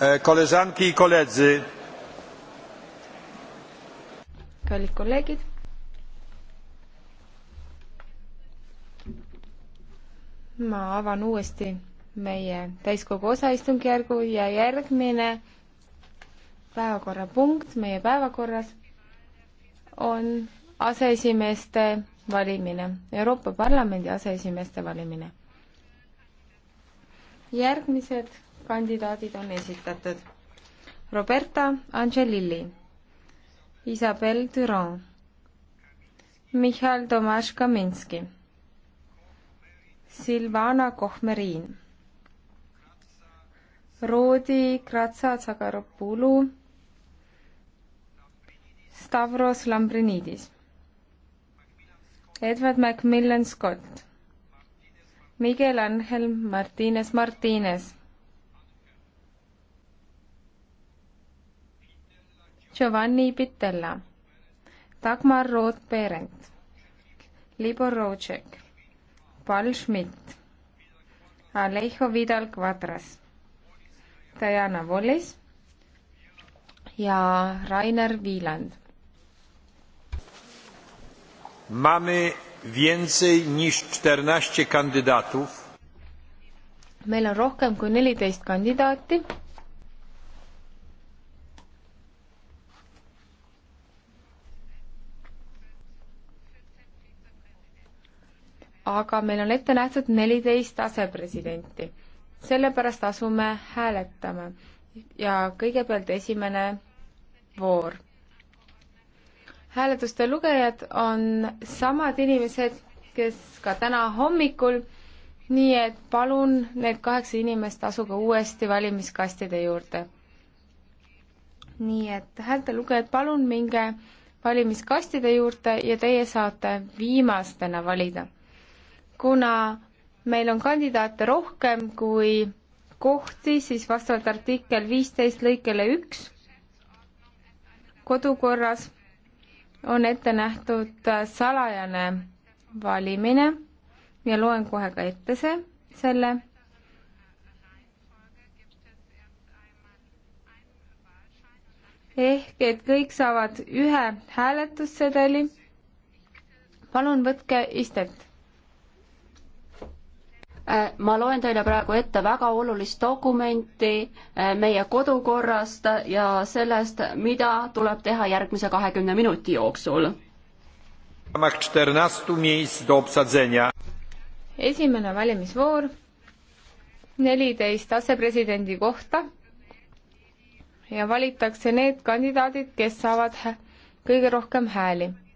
E, koleżanki i koledzy kallid kolleegid ma avan uuesti meie täiskogu osaistungjärgu ja järgmine päevakorrapunkt meie päevakorras on aseesimeeste valimine Euroopa Parlamendi aseesimeeste valimine järgmised kandidaadid on esitatud. Roberta Angelilli, Isabel Düron, Mihhail Tomaš Kaminski, Silvana Kohmeriin, Roodi Kratsa Tsagaropulu, Stavros Lambrinidis, Edward Macmillan Scott, Miguel Angel Martinez Martinez Giovanni Pitella, Dagmar Roth-Berend, Libor Rootšek, Paul Schmidt, Alejo Vidal Quadras, Diana Wallis ja Rainer Wieland. Mamy więcej niż 14 kandydatów. meil on rohkem kui neliteist kandidaati aga meil on ette nähtud neliteist asepresidenti. sellepärast asume hääletama ja kõigepealt esimene voor. hääletuste lugejad on samad inimesed, kes ka täna hommikul, nii et palun need kaheksa inimest asuge uuesti valimiskastide juurde. nii et häälte lugejad, palun minge valimiskastide juurde ja teie saate viimastena valida kuna meil on kandidaate rohkem kui kohti, siis vastavalt artikkel viisteist lõikele üks kodukorras on ette nähtud äh, salajane valimine ja loen kohe ka ette see, selle. ehk et kõik saavad ühe hääletussedeli. palun võtke istet Äh, ma loen teile praegu ette väga olulist dokumenti äh, meie kodukorrast ja sellest, mida tuleb teha järgmise kahekümne minuti jooksul. esimene valimisvoor, neliteist asepresidendi kohta ja valitakse need kandidaadid, kes saavad kõige rohkem hääli